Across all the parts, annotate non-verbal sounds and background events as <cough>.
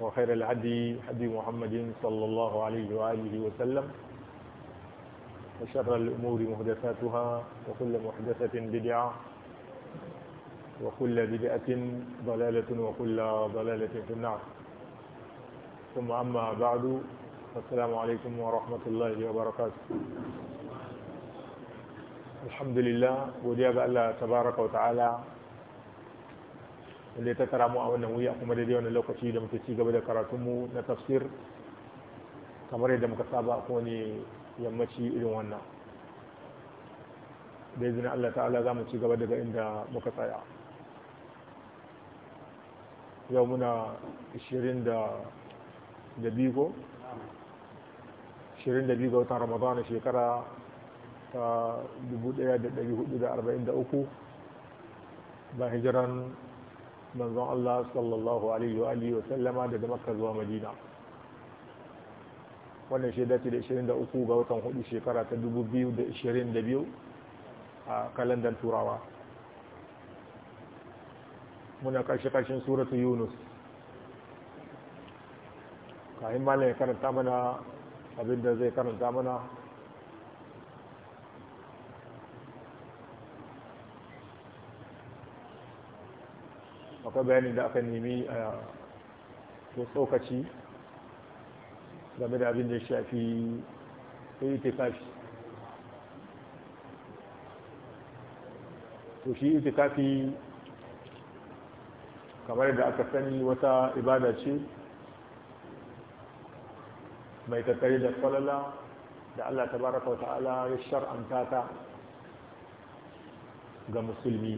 وخير العدي حدي محمد صلى الله عليه وآله وسلم وشر الأمور محدثاتها وكل محدثة بدعة وكل بدعة ضلالة وكل ضلالة في النار ثم أما بعد السلام عليكم ورحمة الله وبركاته الحمد لله ودياب الله تبارك وتعالى inda ya tattara mu a wannan wuya kuma daidai wani lokaci da muke ci gaba da karatunmu na tafsir kamar yadda muka saba ko ne yammaci irin wannan da izinin Allah ta'ala za mu ci gaba daga inda muka tsaya yau muna 20 da bigo 22 ga watan ramadana shekara ta 1443 ba hijiran manzon Allah sallallahu alaihi wa alihi wa sallama daga Makka zuwa Madina wannan shaida ce da 23 ga watan hudu shekara ta 2022 a kalandar turawa muna karshe karshen suratu Yunus kayan malam ya karanta mana abinda zai karanta mana akwai bayanin da aka nemi a tsokaci game da abin da shafi itikafi to shi itikafi kamar da aka sani wata ibada ce mai tattare da falala da Allah baraka wa ta'ala ya shar'anta ta ga musulmi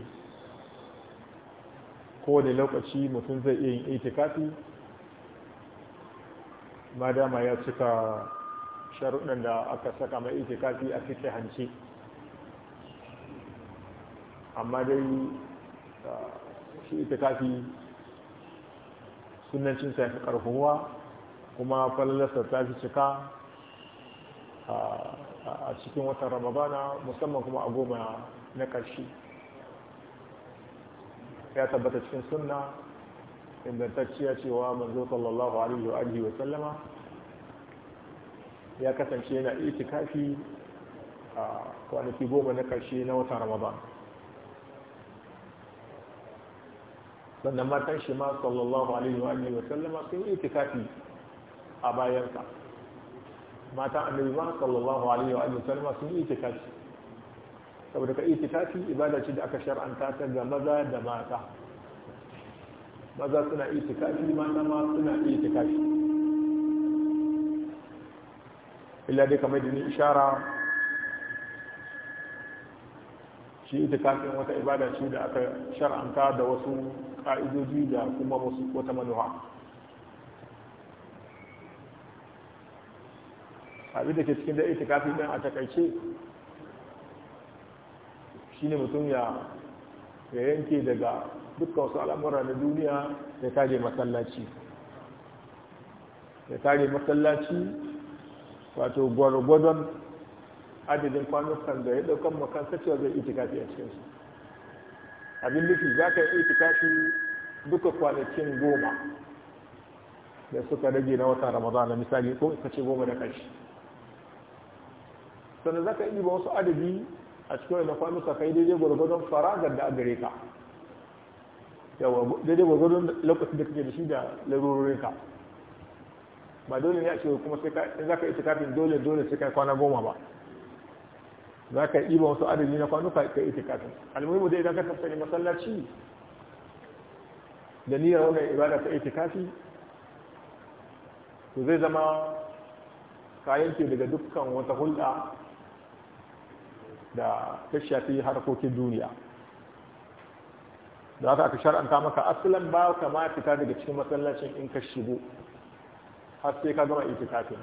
kowane lokaci mutum zai iya yin itikafi ma dama ya cika sharuɗin da aka saka mai itikafi a cikin hanci amma dai shi itikafi sunancinsa ya fi ƙarfuwa kuma fallasa ta fi cika a cikin watan ramadana musamman kuma a goma na ƙarshe ya tabbata cikin sunna ingantacciya cewa manzo sallallahu alaihi wa alihi wa sallama ya kasance yana itikafi a kwanaki goma na karshe na watan ramadan sannan matan shi ma sallallahu alaihi wa alihi wa sallama sun yi itikafi a bayansa matan annabi ma sallallahu alaihi wa alihi wa sallama sun yi itikafi saboda ka itikafi ibada ce da aka shar'anta ta ga maza da mata maza suna iya itikafi mata ma suna iya itikafi illa dai kamar da ni ishara shi kafin wata ibada ce da aka shar'anta da wasu ka'idoji da kuma wata manuwa abin da ke cikin da itikafi din a takaice shine mutum ya yanke daga dukkan wasu al'amura na duniya ya kare masallaci ya kare masallaci wato gwargwadon adadin kwanukan da ya daukan makansa cewa zai kafi a cikinsu abin nufi za ka yi kafi duka kwanakin goma da suka rage na watan ramadana misali ko ita ce goma da kashi sannan za ka yi ba wasu adadi a cikin wani kwanuka kai daidai gwargwadon ga da gare ka yawa daidai gwargwadon lokacin da kake da shi da larurorin ka ba dole ne a ce kuma sai za ka yi kafin dole dole sai kai kwana goma ba za ka yi ba wasu adadi na kwanu ka yi kafin almuhimu dai idan ka ne masallaci da niyyar wani ibada ta itikafi to zai zama kayan ke daga dukkan wata hulɗa da ta shafi harkokin duniya da aka aka shar'anta maka asalin ba ka ma fita daga cikin masallacin in ka shigo har sai ka gama itikafin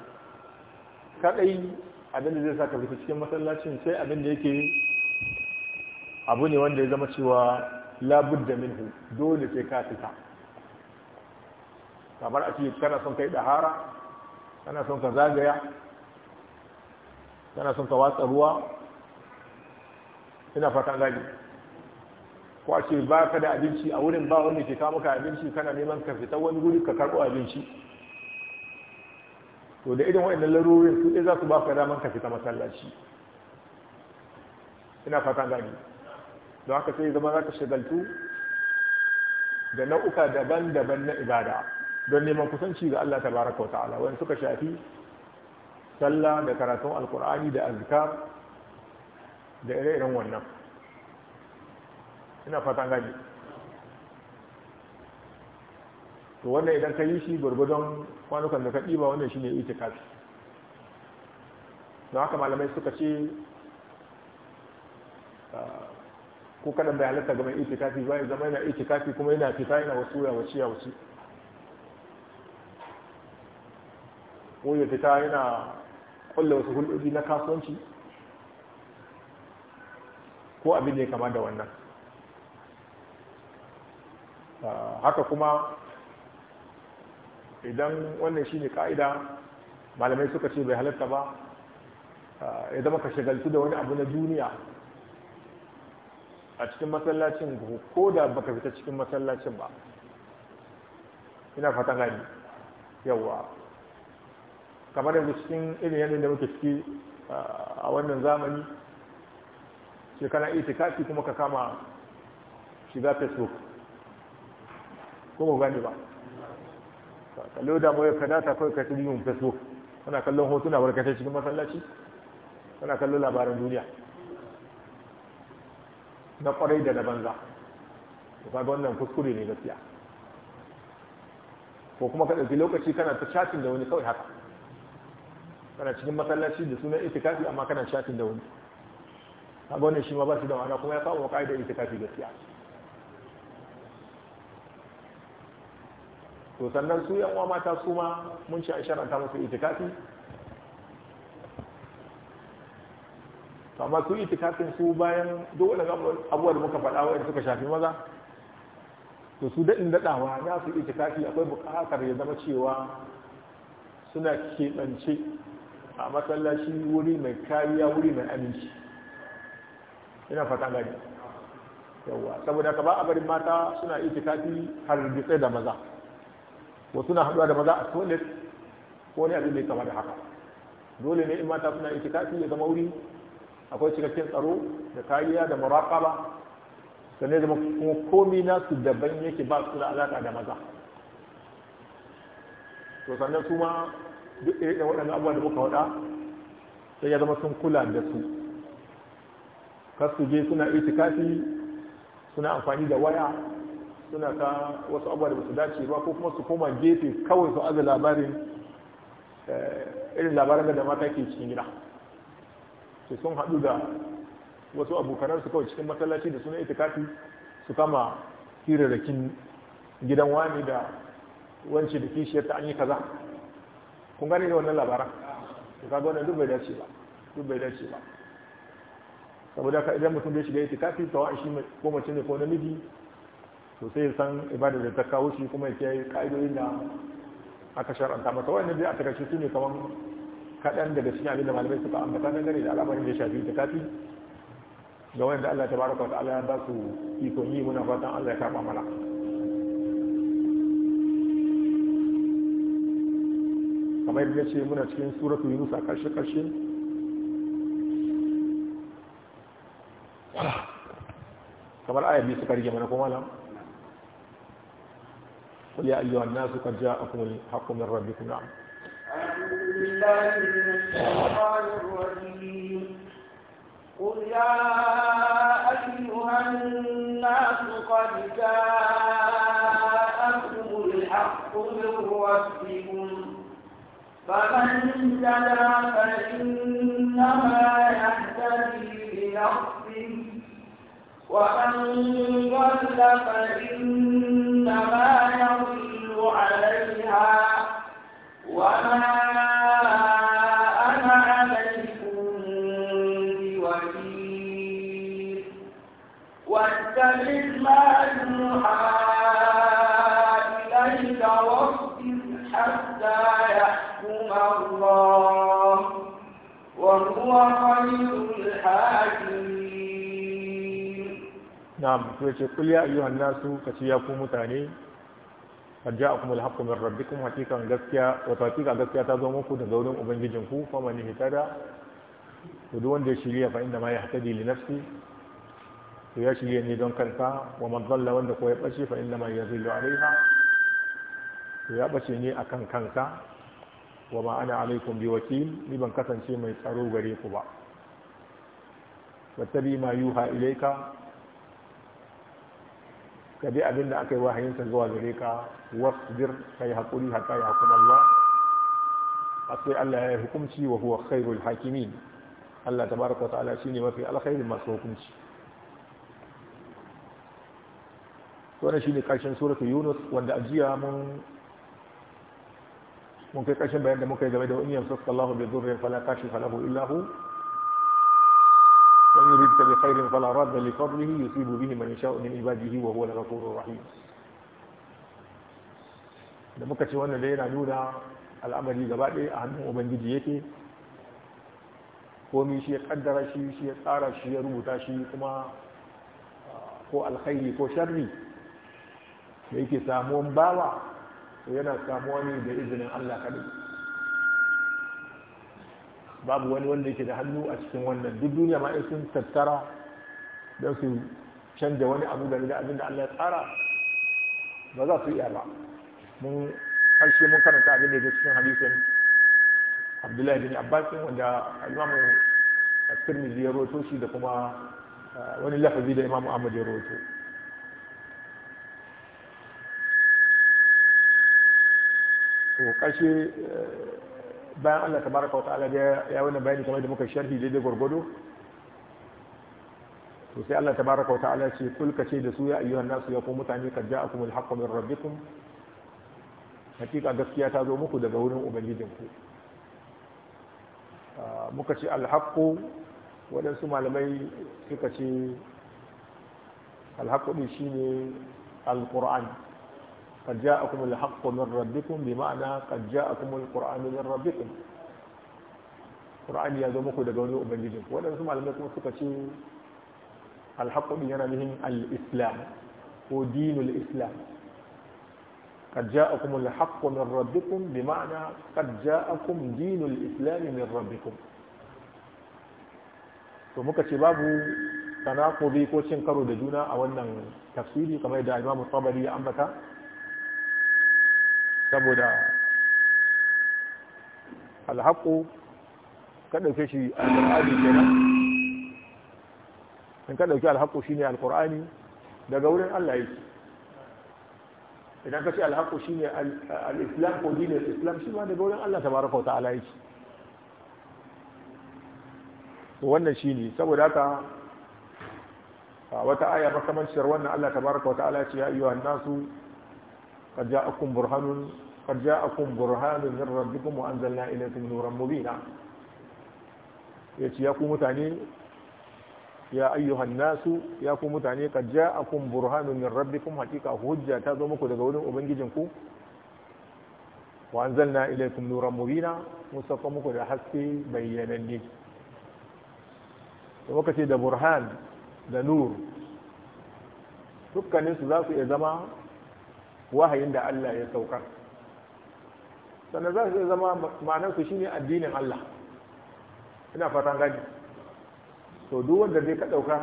kadai abin da zai sa ka fita cikin masallacin sai abinda da yake abu ne wanda ya zama cewa da minhu dole sai ka fita kamar a ce kana son kai dahara kana son ka zagaya kana son ka watsa ruwa ina fata gani ko a ce ba ka da abinci a wurin ba wani ke kamuka maka abinci kana neman ka fita wani guri ka karɓo abinci to da irin waɗannan larurin su ɗaya za su ba ka daman ka fita masallaci ina fata gani don haka sai zama za ka shagaltu da nau'uka daban-daban na ibada don neman kusanci ga Allah baraka wa ta'ala wani suka shafi sallah da karatun alkur'ani da azkar da ire-iren wannan ina fatan gaji to wannan idan ka yi shi gwargwadon kwanukan da ka ɗiba wannan shi ne itikafi don haka malamai suka ce ah, ko kaɗan bai halatta ga mai itikafi ba ya zama yana itikafi kuma yana fita yana wasu ya wace ya wace ko ya fita yana kulla wasu hulɗoɗi na kasuwanci ko abin da ya kama da wannan ah, haka kuma idan wannan shi ne ka'ida malamai suka ce bai halatta ba ah, ya zama ka shagalci da wani abu na duniya a cikin masallacin ko da baka fita cikin masallacin ba ina fatan gani yawwa, kamar yanzu cikin irin yanayin da muke ciki ah, a wannan zamani sai kana itikafi kuma ka kama shiga facebook kuma gani ba kallo da mai ka data kawai ka tuni yin facebook kana kallon hotuna barkatai cikin masallaci kana kallon labaran duniya na kwarai da na banza to ga wannan kuskure ne gaskiya ko kuma ka ɗauki lokaci kana ta chatting da wani kawai haka kana cikin masallaci da sunan itikafi amma kana chatting da wani abu wani shi ma ba su da ma'ana kuma ya saba wa ita itikafi gaskiya to sannan su yan uwa mata su ma mun ci a sharanta musu itikafi amma su itikafin su bayan duk wani abuwa da muka faɗa wa'in suka shafi maza to su daɗin daɗawa na su itikafi akwai buƙatar ya zama cewa suna keɓance a masallaci wuri mai kariya wuri mai aminci ina fata gari yawa saboda ka ba a barin mata suna iya tafi har gitsai da maza wasu na haɗuwa da maza a toilet ko ne abin da ya kama da haka dole ne in mata suna iya tafi ya zama wuri akwai cikakken tsaro da kariya da ba, sannan zama kuma komi nasu daban yake ba su da alaƙa da maza to sannan su ma duk irin waɗannan abubuwan da muka waɗa sai ya zama sun kula da su kasu je suna itikafi suna amfani da waya suna ta wasu abuwa da basu dace ba ko kuma su koma gefe kawai su aza labarin eh, irin labarin da mata ke cikin gida su sun haɗu da wasu abokanar su kawai cikin matsalaci da suna itikafi su kama hirarrakin gidan wani da wancan da kishiyar ta an yi kaza kun gane da wannan labaran su kaga duk bai dace ba duk bai dace ba saboda ka idan mutum bai shiga itikafi ta shi ko mace ne ko namiji to sai san ibada da ta kawo shi kuma ya kiyaye ka'idodin da aka shar'anta mata wannan dai a takaice su ne kamar kaɗan daga cikin abin da malamai suka ambata na gare da al'amarin da ya shafi itikafi ga wanda Allah ta baraka Allah ya ba su ikon yi muna fatan Allah ya karɓa mana kamar yadda ce muna cikin suratu yunus a karshe karshe kamar ayar ne suka rige mana kuma nan قل يا أيها الناس قد جاءكم الحق من ربكم نعم أعوذ بالله من الشيطان الرجيم قل يا أيها الناس قد جاءكم الحق من ربكم فمن اهتدى فإنما يهتدي لنفسه ومن فإنما يضل عليها وما أنا عليكم بوكيل واتبع ما إليك حتى يحكم الله وهو خير الحاكم na'am to yace qul ya ayyuhan nasu kace ya ku mutane qad ja'akum al-haqqu min rabbikum hakikan gaskiya wa hakikan gaskiya ta zama muku daga wurin ubangijin ku fa man ihtada to duk wanda ya shirya fa inda ma yahtadi li nafsi to ya shirya don kansa wa man dhalla wanda ko ya bace fa inda ma yazillu to ya ne akan kansa wa ma ana alaikum wakil ni ban kasance mai tsaro gare ku ba wattabi ma ka bi abin da aka yi wahayinsa zuwa gare ka wasbir ka yi haƙuri hatta ya hukum Allah a Allah ya yi hukunci wa huwa khairul hakimin Allah tabaraka ta'ala shine mafi alkhairin masu hukunci shi ne karshen suratul yunus wanda ajiya mun kai karshen bayan da muka yi game da wani yamsa sallahu bi dhurri fala kashifa lahu illa وإن يردك بخير فلا راد لفضله يصيب به من يشاء من عباده وهو الغفور الرحيم da muka ce wannan da yana nuna al'amari gaba ɗaya a hannun ubangiji yake komi shi ya kaddara shi shi ya tsara shi ya rubuta shi kuma ah, ko alkhairi ko sharri da yake samuwan bawa to yana samuwa ne da izinin allah kaɗai babu wani wanda yake da hannu a cikin wannan duk duniya ma sun tattara don su canja wani abu da da abin da Allah ya tsara ba za su iya ba mun karshe mun karanta abin da ya cikin hadisin Abdullahi bin abbasin wanda Imam tirmidhi ya roto shi da kuma eh, wani lafazi da imamu Ahmad ya roto to eh, bayan Allah ta wata ala ta'ala ya wani bayani kamar da muka sharhi daidai gwargwado to sai Allah ta baraka wata ala ce kulka ce da su ya ayyuhan nasu ya ku mutane ka ja a kuma haqqu min rabbikun hakika gaskiya ta zo muku daga wurin ubangijinku ah, muka ce alhaƙo waɗansu malamai suka ce alhaqqu din shine alƙur'ani قد جاءكم الحق من ربكم بمعنى قد جاءكم القرآن من ربكم قرآن يزو مكو دقا وني أبنجيجنك ولا نسمع لما يكون سكتي الحق بينا بهم الإسلام هو دين الإسلام قد جاءكم الحق من ربكم بمعنى قد جاءكم دين الإسلام من ربكم ثم كتباب تناقضي كوشن tanakubi ko أولا تفسيري كما juna a الطبري tafsiri saboda alhaƙo ka ɗauke shi alƙur'ani kenan in ka ɗauki alhaƙo shi ne alƙur'ani daga wurin allah yake idan ka ce alhaƙo shi ne al'islam ko dinin islam shi ma daga wurin allah ta baraka wata ala yake wannan shi ne saboda haka wata aya makamanciyar wannan allah ta baraka wata ala ce ya iya su. قد جاءكم برهان قد جاءكم برهان من ربكم وانزلنا اليكم نورا مبينا yace ya ku mutane ya ayyuhan nasu ya ku mutane qad ja'akum burhanun min rabbikum hakika hujja ta zo muku daga wurin ubangijin ku wa anzalna ilaykum nuran mubina musaffa muku da haske bayyananne to kace da burhan da nur dukkanin su za su iya zama wahayin da Allah ya saukar sannan za su zama ma'anarsu shi ne addinin Allah ina fatan gani to duk wanda zai ka ɗauka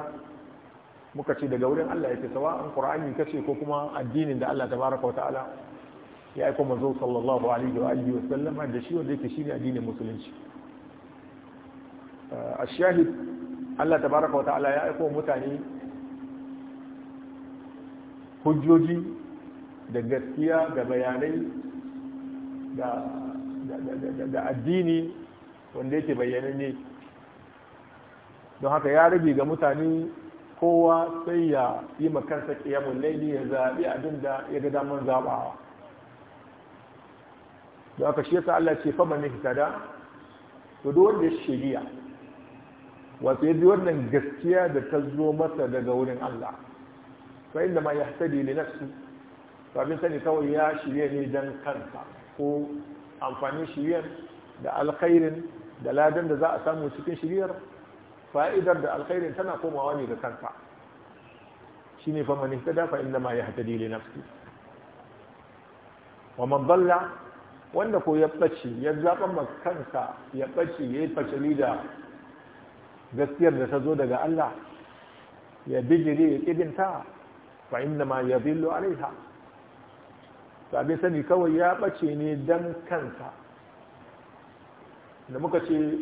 muka ce daga wurin Allah yake sawa an Qur'ani kashe ko kuma addinin da Allah tabaraka wa ta'ala ya aiko manzo sallallahu alaihi wa alihi wa sallama da shi wanda yake ne addinin musulunci uh, shahid Allah tabaraka wa ta'ala ya mutane hujjoji da gaskiya da bayanai da addini wanda yake ne don haka ya rabi ga mutane kowa sai ya yi makarsa kiyamun laili ya zaɓi abin da ya ga damar zaɓawa don haka shi yasa Allah ce fama ne hitada to duk wanda ya wato ya wannan gaskiya da ta zo masa daga wurin Allah fa inda ma ya ne na nafsi abin sani kawai ya shirya ne don kansa ko amfanin shiryar da alkhairin da ladan da za a samu cikin shiryar fa'idar da alkhairin tana komawa ne da kansa shi ne famani ta dafa inda ma ya hata dili nafsi wa man balla wanda ko ya ɓace ya zaɓa ma kansa ya ɓace ya yi facili da gaskiyar da ta zo daga Allah ya bijire ya ƙidinta fa inda ma ya billo alaiha to abin sani kawai ya ɓace ne dan kansa da muka ce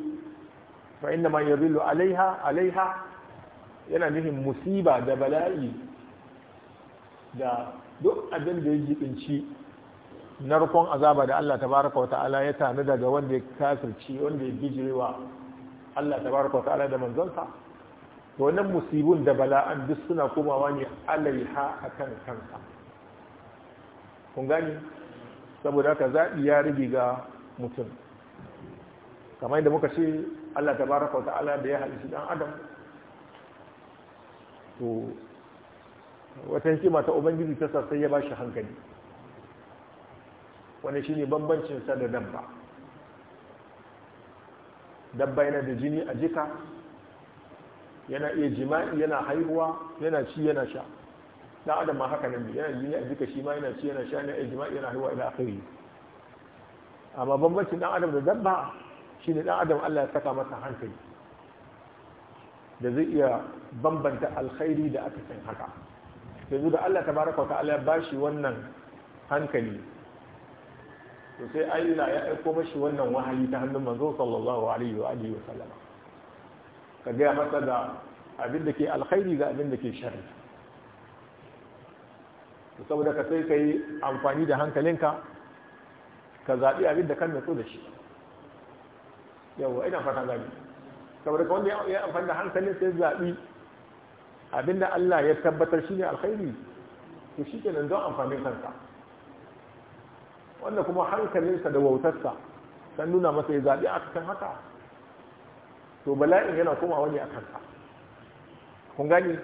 fa inda ma yadhillu alaiha alaiha yana nufin musiba da bala'i da duk abin da ya na narkon azaba da Allah tabaraka wata'ala ya tanu daga wanda ya kasirci wanda ya bijirewa Allah tabaraka wata'ala da manzonsa wannan musibun da bala'an duk suna komawa ne alaiha a kan kansa kun gani saboda haka zaɓi ya rage ga mutum kamar yadda muka ce Allah ta baraka wa ta'ala da ya halishi ɗan adam to wata hikima ta ubangiji ta sa sai ya shi hankali wani shine bambancin sa da dabba dabba yana da jini a jika yana iya jima'i yana haihuwa yana ci yana sha da adam ma haka nan yana jini a duka shi ma yana ci yana sha yana jima'i yana haihuwa ila akhiri amma bambancin dan adam da dabba shine dan adam Allah ya saka masa hankali da zai iya bambanta alkhairi da aka san haka yanzu da Allah tabaraka wa ta'ala ya bashi wannan hankali to sai Allah ya aiko mashi wannan wahayi ta hannun manzo sallallahu alaihi wa alihi wa sallama ka ga masa da abin da ke alkhairi da abin da ke sharri To saboda ka sai ka yi amfani da hankalinka ka zaɓi abin da kan natsu da shi yawa ina fata gani saboda ka wanda ya amfani da hankalin sai zaɓi abin da Allah ya tabbatar shi ne alkhairi to shi ke nan don amfanin kansa wanda kuma hankalinsa da wautarsa kan nuna masa ya zaɓi a cikin haka to bala'in yana komawa ne a kanka. kun gani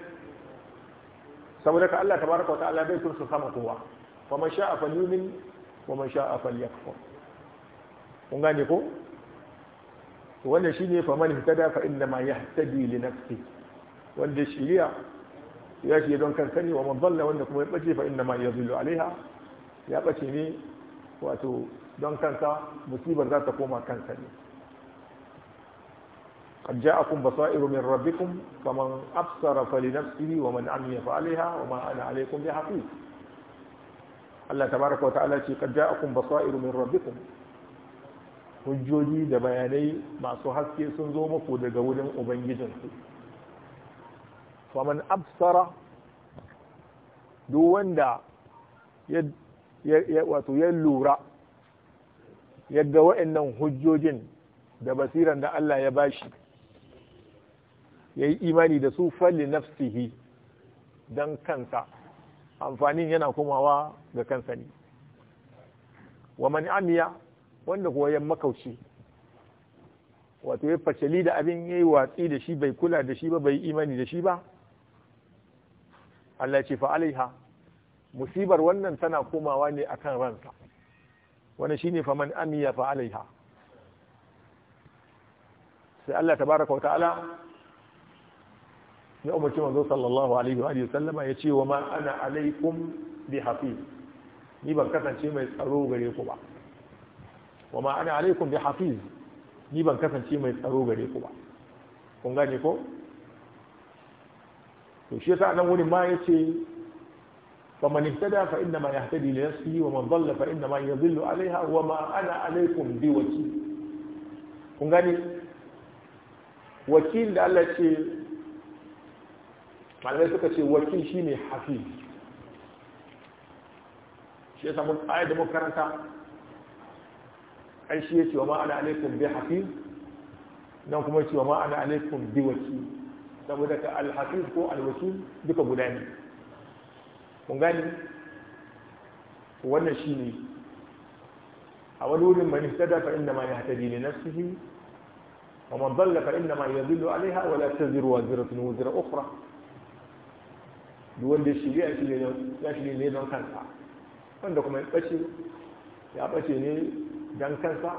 saboda ka Allah tabaraka wa ta'ala bai tursu sama kowa fa man sha'a falyumin wa man sha'a falyakfur kun gane ko to wannan shine fa man ihtada fa inna ma yahtadi li nafsi wanda shiriya ya ce don kansa ne wa man dalla wanda kuma ya bace fa inna ma yadhillu alaiha ya bace ne wato don kansa musibar za ta koma kansa ne قد جاءكم بصائر من ربكم فمن أبصر فلنفسه ومن عمي فعليها وما أنا عليكم بحفيظ Allah tabaraka wa ta'ala ce qad ja'akum basairu min rabbikum hujjoji da bayanai masu haske sun zo muku daga wurin ubangijinku faman absara duk wanda ya lura yadda wa'annan hujjojin da basiran da Allah ya bashi ya yi imani da su falle nafsihi don kansa amfanin yana komawa ga kansa ne wa man amiya wanda kuwa 'yan makauci wato ya fashali da abin ya yi watsi da shi bai kula da shi ba bai imani da shi ba Allah ce fa musibar wannan tana komawa ne akan ransa wani shine fa man amiya fa sai Allah baraka wa ta'ala ya umarci manzo sallallahu alaihi wa sallama ya ce wa ma ana alaikum bi hafiz ni ban kasance mai tsaro gare ku ba wa ma ana alaikum bi hafiz ni ban kasance mai tsaro gare ku ba kun gane ko to shi yasa nan wurin ma ce fa man ihtada fa inna ma yahtadi li nafsihi wa man dhalla fa inna ma yadhillu alaiha wa ma ana alaikum bi wakil kun gane wakil da Allah ce malamai suka ce wakil shi ne hafi shi ya samu ayat da makaranta an shi ya ce wa ma'ana alaikum bi hafi don kuma ce wa ma'ana alaikum bi wakil saboda ka alhafi ko alwakil duka guda ne kun gani wannan shi ne a wani wurin mani sada fa inda ma ya hatari ne nafsihi wa man dalla fa inda ma ya zillu alaiha wa la taziru wa ziratun wuzira ukhra duk wanda ya shirya ya shirya ne don kansa wanda kuma ya ɓace ya ɓace ne don kansa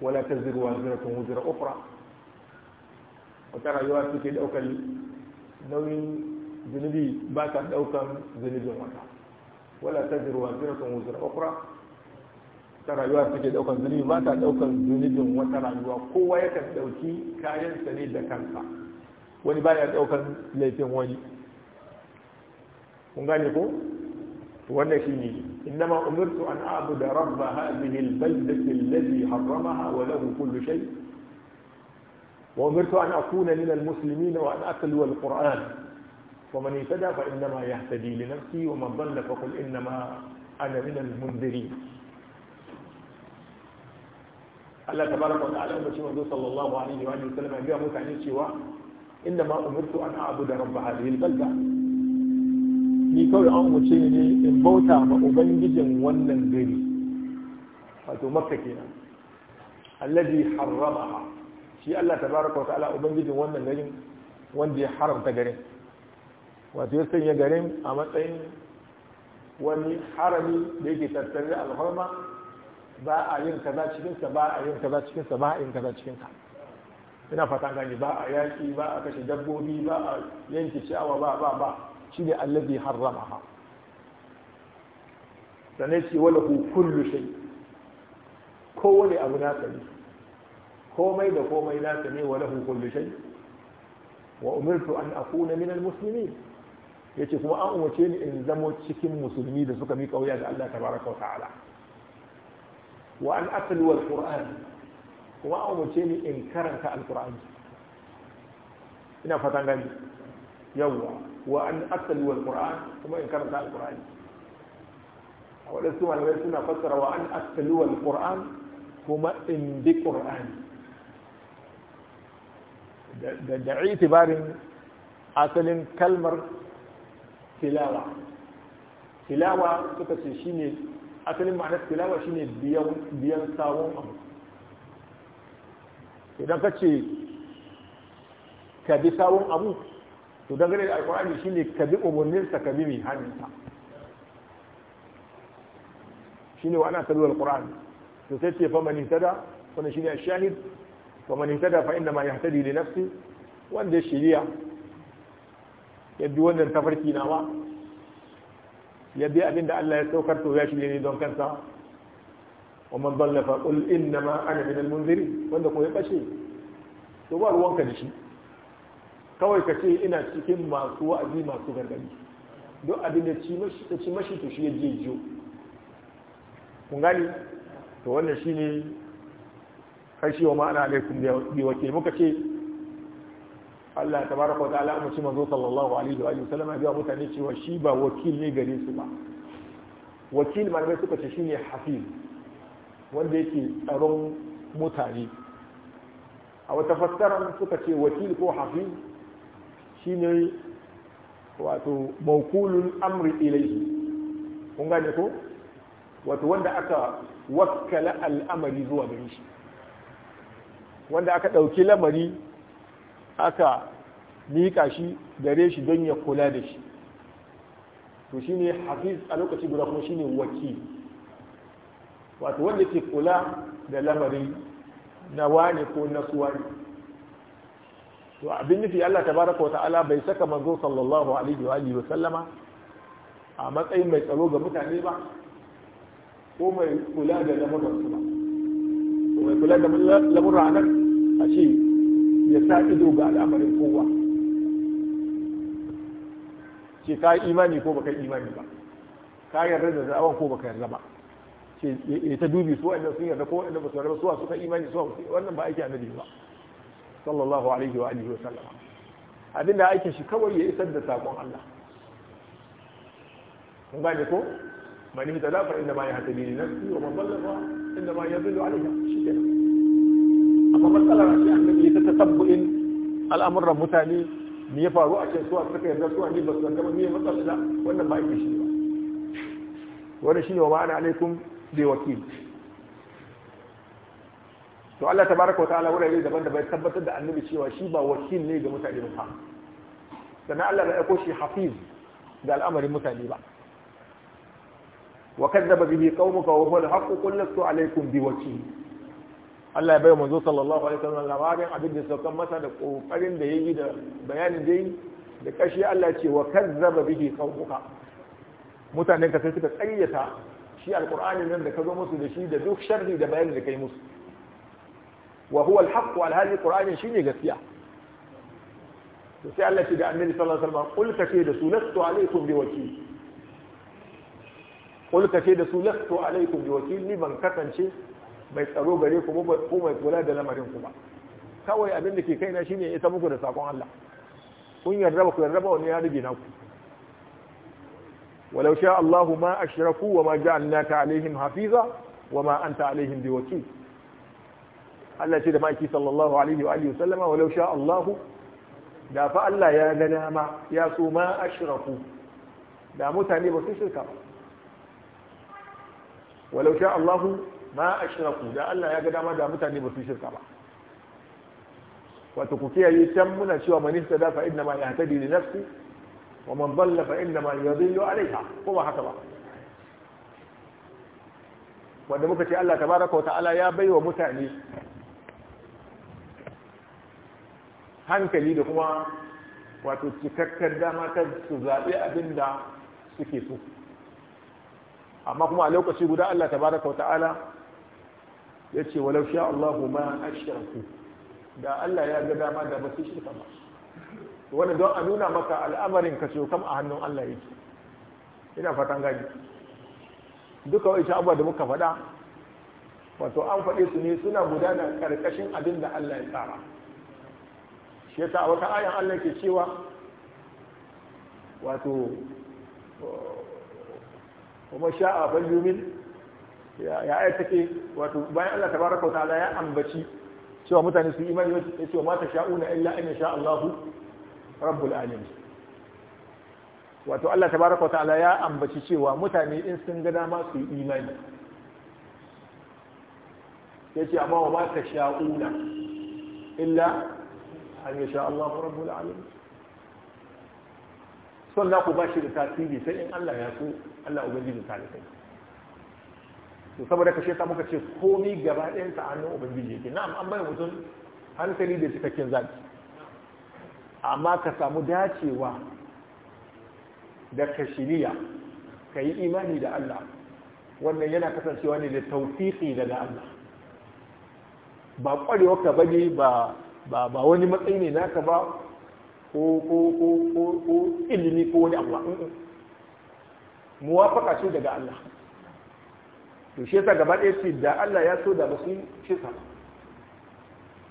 wala ta zirwa tun wuzira ofra wata rayuwa suke ɗaukar nauyin zunubi ba ta ɗaukar zunubin wata wala ta zirwa tun wuzira ofra ta rayuwa suke ɗaukar zunubi ba ta ɗaukar zunubin wata rayuwa kowa yakan ɗauki kayansa ne da kansa wani ya ɗaukar laifin wani ونغانيكو وانا شيني انما امرت ان اعبد رب هذه البلده الذي حرمها وله كل شيء وامرت ان اكون من المسلمين وان اتلو القران ومن اهتدى فانما يهتدي لنفسي ومن ضل فقل انما انا من المنذرين الله تبارك وتعالى محمد صلى الله عليه واله وسلم يقول موسى عليه انما امرت ان اعبد رب هذه البلده ni kawai an wuce ne in bauta ma ubangijin wannan gari wato makka kenan allazi harramaha shi Allah tabaraka wa ta'ala ubangijin wannan garin wanda ya haramta garin wato ya sanya garin a matsayin wani harami da yake tattare alharma ba a yin kaza cikinsa ba a yin kaza cikinsa ba a yin kaza cikinsa ina fata gani ba a yaki ba a kashe dabbobi ba a yanke ciyawa ba ba ba shi ne allazi harramaha Sane shi wala ku kullu shay wani abu na sani komai da komai na sani wala ku kullu shay wa umirtu an akuna min almuslimin yace kuma an umarce ni in zamo cikin musulmi da suka mika wuya da Allah tabaraka wa ta'ala wa an atlu alquran kuma an umarce ni in karanta alqur'ani ina fatan gani yawwa wa an asali wal kuma in karanta al qur'ani a waɗansu malamai suna fassara wa an asali wal kuma in bi qur'ani da da itibarin asalin kalmar tilawa tilawa suka ce shine asalin ma'anar tilawa shine biyan biyan sawon abu idan ka ce ka bi sawon abu to dangane da alkur'ani shine ka bi umarninsa ka bi mai hannunsa shine wa ana talu alkur'ani to sai ce faman ihtada wannan shine ashahid faman ihtada fa inna ma yahtadi li nafsi wanda ya shiriya ya bi wannan tafarki nawa ya bi abinda Allah ya saukar to ya shirye ne don kansa wa man dalla fa qul inna ma ana min al-munzirin wanda ko ya bace to ba ruwanka da shi kawai ka ce ina cikin masu wa'azi masu gargadi don abin da ci mashi to shi ya jiyo kun gani to wannan shi ne ƙarshe wa ma'ana alaikum bi wakil muka ce Allah ta baraka wata amma shi mazo sallallahu alaihi wa sallam biya mutane cewa shi ba wakil ne gare su ba wakil malamai suka ce shi ne hafiz wanda yake tsaron mutane a wata fassara suka ce wakil ko hafiz ne wato maukulun amri ilaihi kun gane ko wato wanda aka wakala al'amari zuwa gari shi wanda aka ɗauki lamari aka miƙa shi gare shi don ya kula da shi to shi ne hafiz a lokaci guda kuma shi ne waki wato wanda ke kula da lamarin na wane ko na suwa to abin nufi Allah tabaraka wa ta'ala bai saka manzo sallallahu alaihi wa alihi wa sallama a matsayin mai tsaro ga mutane ba ko mai kula da lamuran su ba ko mai kula da lamuran anan a ce ya sa ido ga al'amarin kowa ce ka imani ko baka imani ba ka yarda da za'awan ko baka yarda ba ce ta dubi su wa'annan sun yarda ko wa'annan ba su yarda ba su suka imani su wannan ba aiki annabi ba sallallahu alaihi wa alihi wa sallam abinda aikin shi kawai ya isar da sakon Allah kun gane ko man hita la fa inda ma ya hatali li nafsi wa man dalla inda ma yadullu alaiha shikenan amma matsala shi annabi ta tatabbu'in al'amuran mutane me ya faru a cikin suwa suka yarda suwa ne ba su gama me ya matsala wannan ba aikin shi ba wannan shine wa ma'ana alaikum bi wakil to Allah tabaraka ta'ala wurare daban-daban tabbatar da annabi cewa shi ba wakil ne ga mutane ba sannan Allah bai aiko shi hafiz ga al'amarin mutane ba wa kadzaba bi qaumuka wa huwa al-haqqu qul lastu alaykum biwakil Allah ya bai manzo sallallahu alaihi wasallam labarin abin da saukan masa da kokarin da yayi da bayanin da yayi da kashi Allah ce wa kazzaba bihi qaumuka mutanen ka sai suka tsayyata shi alqur'ani nan da ka zo musu da shi da duk sharri da bayanin da kai musu wa huwa al-haqq wal hadi qur'ani shine gaskiya to sai Allah ya ga annabi sallallahu alaihi wasallam qul kace da su lastu alaikum bi wakil qul kace da su lastu alaikum bi wakil ni ban kasance mai tsaro gare ku ko mai kula da lamarin ku ba kawai abin da ke kaina shine ya isa muku da sakon Allah kun yarda ba ku yarda ba wani ya rige naku ولو شاء الله ما أشركوا وما جعلناك عليهم حفيظا وما أنت عليهم بوكيل Allah ce da maki sallallahu alaihi wa alihi sallama walau sha Allah da fa Allah ya ga dama ya so ma ashraku da mutane ba su shirka ba walau sha Allah ma ashraku da Allah ya ga dama da mutane ba su shirka ba wato ku kiyaye can muna cewa man ihtada fa inna ma yahtadi li nafsi wa man dhalla fa inna ma yadhillu alaiha ko ba haka ba wanda muka ce Allah tabaraka wa ta'ala ya baiwa mutane hankali da kuma wato cikakkar dama ta su zaɓi abin da suke so amma kuma a lokaci guda Allah tabaraka wa ta'ala ya ce walau sha Allah ma ashraku da Allah ya ga dama da masu shirka ba Wani don a nuna maka al'amarin ka ce kam a hannun Allah ya yake ina fatan gani duka wai abubuwa da muka faɗa wato an faɗe su ne suna gudana ƙarƙashin abin da Allah ya tsara shi yasa wata ayan Allah ke cewa wato kuma sha'a ban falyumin ya ayat take wato bayan Allah tabaraka wa ta'ala ya ambaci cewa mutane su imani ya ce ma sha'una illa an sha Allahu rabbul alamin wato Allah tabaraka wa ta'ala ya ambaci cewa mutane in sun ga dama su yi imani yace amma wa ta sha'una illa an Allah Allahu rabu alamin son za ku ba shi da tasiri sai in Allah ya so Allah ubangiji ta kai to saboda kashe ta muka ce komai gaba ɗayan ta hannun ubangiji yake na'am an bai mutum hankali da cikakken zaki amma ka samu dacewa da ka shiriya ka yi imani da Allah wannan yana kasancewa ne da tawfiqi daga Allah ba kwarewa ka bane ba ba ba wani matsayi ne naka ba ko ko ko ko ko ilimi ko wani abu muwafaka ce daga Allah to shi yasa gaba ɗaya ce da Allah ya so da ba su shi sa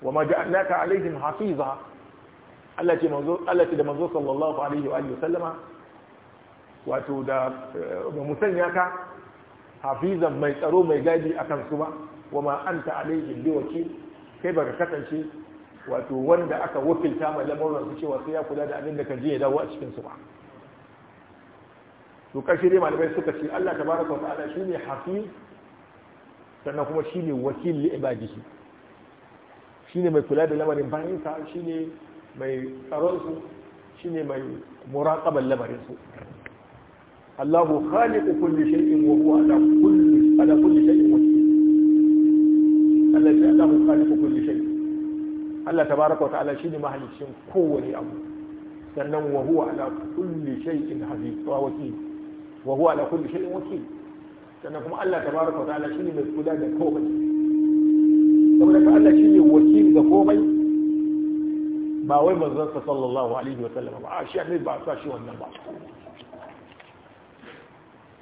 wa ma ja'alnaka alaihim hafiza Allah ce manzo Allah ce da manzo sallallahu alaihi wa alihi sallama wato da eh, ba mu sanya ka Hafiza mai tsaro mai gadi akan su ba wa ma anta alaihim biwakil kai baka kasance wato wanda aka wakilta mai lamuran su cewa sai ya kula da abin da ka je ya dawo a cikin su ba to kashi dai malamai suka ce Allah tabaraka wa ta'ala shine hafiz sannan kuma shine wakil li ibadihi shine mai kula da lamarin bayan sa shine mai tsaron su shine mai muraqabal lamarin su Allahu khaliqu kulli shay'in wa huwa ala kulli ala kulli shay'in wakil Allah ya Allahu khaliqu kulli shay'in Allah tabaraka wa ta'ala shine mahalicin kowane abu sannan wa huwa ala kulli shay'in hafiz wa wakil wa huwa ala kulli shay'in wakil sannan kuma Allah tabaraka wa ta'ala shine mai kula da komai Ta ka Allah shine wakil ga komai ba wai manzon sa sallallahu alaihi wa sallam ba a shi annabi ba sa shi wannan ba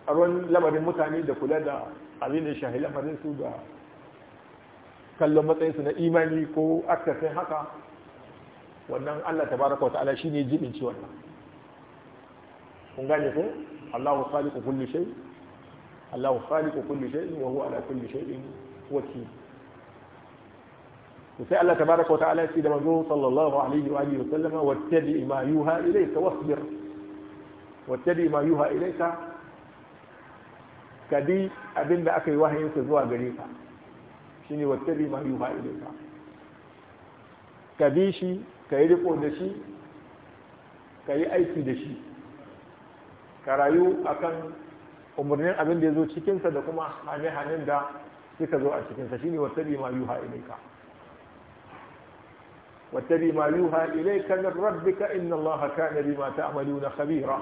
a ruwan lamarin mutane da kula da abin da shahila, lamarin su da kallon matsayinsu na imani ko akasin haka wannan Allah ala shi ne shine ciwon wannan kun gane ko Allahu khaliqu kulli shay Allahu khaliqu kulli shay wa huwa ala kulli shay'in wakil to sai Allah baraka wata ala shi da manzo sallallahu alaihi wa alihi wa sallama wattabi ma yuha ilayka wasbir wattabi ma yuha ilayka kadi abinda aka yi wahayinsa zuwa gare ka shine wattabi ma yuha ilayka ka bi shi ka yi riko da shi ka yi aiki da shi ka rayu akan umarnin abin da ya zo cikinsa da kuma hane-hanen da suka zo a cikinsa shine wattabi ma yuha ilayka واتبع ما يوحى إليك من ربك إن الله كان بما تعملون خبيرا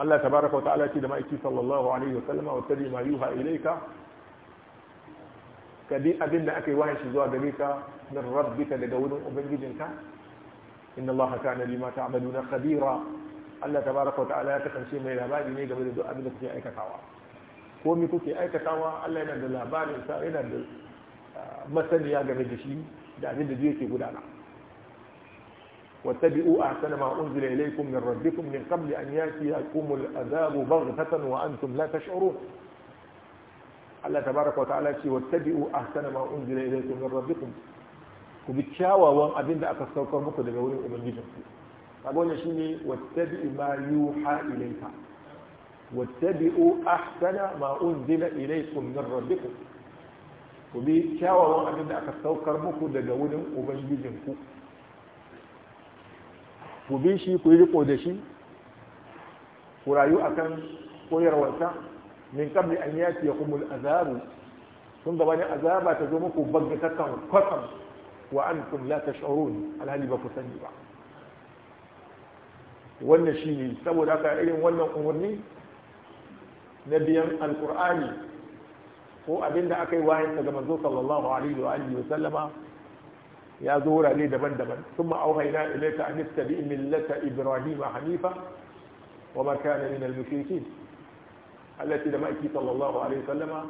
الله تبارك وتعالى كده ما صلى الله عليه وسلم واتبع ما يوحى إليك ka bi abin da aka yi wahayi zuwa gare ka min rabbika daga wurin ubangijinka inna allaha kana bima ta'maluna khabira Allah tabaraka wa ta'ala ya kasance mai labari ne game da duk abin da kuke aikatawa ko mi kuke aikatawa Allah yana da labarin sa yana da ah, masaniya game da shi da abin da yake gudana واتبعوا أحسن ما أنزل إليكم من ربكم من قبل أن يأتيكم الأذاب بغتة وأنتم لا تشعرون Allah tabaraka wa ta'ala ce wattabi'u ahsana ma unzila ilaykum min rabbikum ku bi kyawawan abin da aka saukar muku daga wurin ubangijinku kaga wannan shine wattabi'u ma yuha ilayka wattabi'u ahsana ma unzila ilaykum min rabbikum ku bi kyawawan abin da aka saukar muku daga wurin ubangijinku ku bi shi ku yi riko da shi ku rayu akan koyarwarsa min qabli an yatiyakum al'azab kun gaba ne azaba ta zo muku bagga takan kwatsam wa antum la tash'urun alhali ba ku sani ba wannan shine saboda haka irin wannan umarni na biyan alqur'ani ko abinda aka yi wahayin daga manzo sallallahu alaihi wa alihi wa sallama ya zo wurare daban-daban sun ma'auhaina ilaika an istabi millata ibrahim hanifa wa ma kana min al-mushrikin Allah ce da ma'aiki sallallahu alaihi sallama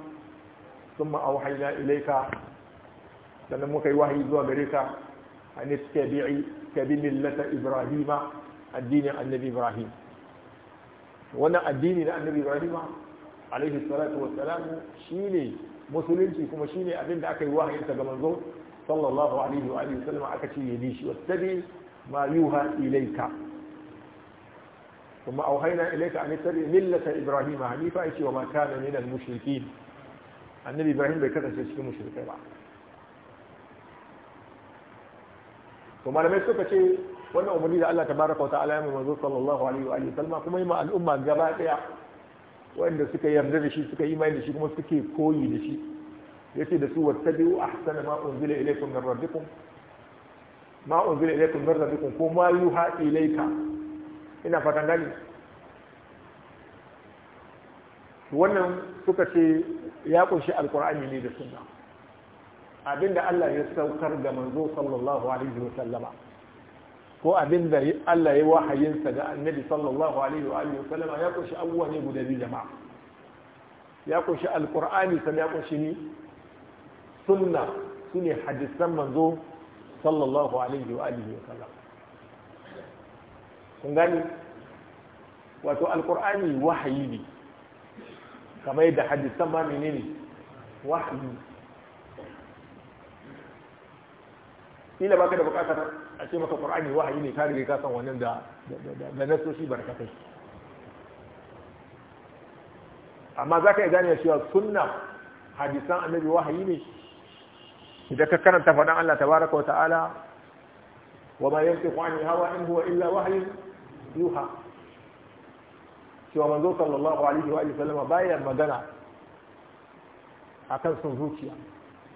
sun ma'auhaina ilaika sannan muka wahayi zuwa gare ka a nistabi'i ka bi millata addinin annabi ibrahim wannan addini na annabi ibrahima alaihi salatu wassalamu shine musulunci kuma shine abin da aka yi wahayinsa ga manzo sallallahu alaihi wa aka ce ya shi ilaika ثم أوحينا إليك أن اتبع ملة إبراهيم حنيفا أيش وما كان من المشركين النبي إبراهيم بكذا شيء مشركين ثم لما يسوك شيء وانا أمني لأ الله تبارك وتعالى من منظور صلى الله عليه وآله وسلم ثم يما الأمة الجبائع وإن سكا يمزل شيء سكا يما إن شيء كما سكا كوي لشيء يسي دسوا واتبعوا أحسن ما أنزل إليكم من ربكم ما أنزل إليكم من ربكم كما يوحى إليك ina fatan gani wannan suka ce ya kunshi alkur'ani ne da suna abinda Allah ya saukar da manzo sallallahu alaihi wa sallama ko abinda Allah ya wahayinsa ga annabi sallallahu alaihi wa sallama ya kunshi abubuwa ne guda biyu jama'a ya kunshi alkur'ani sannan ya kunshi ni sunna sune hadisan manzo sallallahu alaihi wa sallama kun gani wato alkur'ani wahayi ne kamar yadda hadisan ma menene wahayi ila baka da bukatar a ce maka qur'ani wahayi ne tare da kasan wannan da da nasoshi barkatai amma zaka yi gane cewa sunna hadisan annabi wahayi ne idan ka karanta faɗan Allah tabaraka wa ta'ala wa ma yantiqu anil hawa in huwa illa wahyu yuha cewa manzo sallallahu alaihi wa sallama bayan magana akan sun zuciya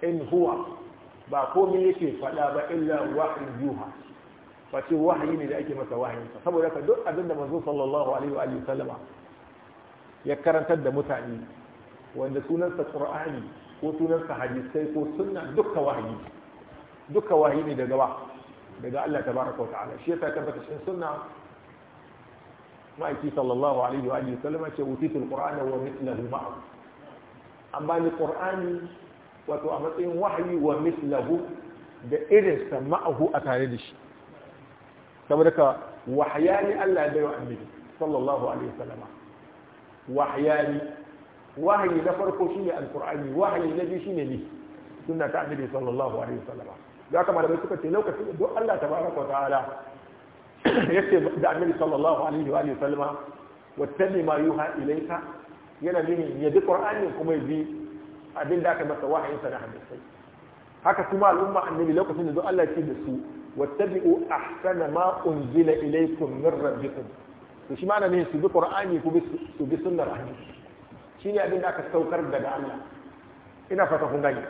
in huwa ba komai yake fada ba illa wahyin yuha face wahayi ne da ake masa wahayinsa saboda ka duk abin da manzo sallallahu alaihi wa sallama ya karantar da mutane wanda sunansa qur'ani ko sunansa hadisai ko sunna duka wahayi duka wahayi ne daga ba daga Allah tabaraka wa ta'ala shi yasa tabbata cikin sunna ma'aiki sallallahu alaihi wa sallama ce wutitul qur'ana wa mithlahu ma'a Amma ni qur'ani wato a matsayin wahayi wa mithlahu da irin sa ma'ahu a tare da shi saboda ka wahayani Allah ya bayo annabi sallallahu alaihi wa sallama wahayani wahayi na farko shine alqur'ani wahayi na biyu shine ne sunna ta annabi sallallahu alaihi wa sallama ya kamar da suka ce lokacin da Allah tabaraka wa ta'ala <coughs> yace da annabi sallallahu alaihi wa sallama wattabi ma yuha ilayka yana nihin ya bi qur'ani kuma ya bi abin da aka masa wahayi sa da hadisi haka kuma al'umma annabi lokacin da zo Allah ya ce da su wattabi'u ahsana ma unzila ilaykum min rabbikum to shi ma'ana ne su bi qur'ani ku bi su bi sunnar annabi shine abin da aka saukar daga Allah ina fata kun gani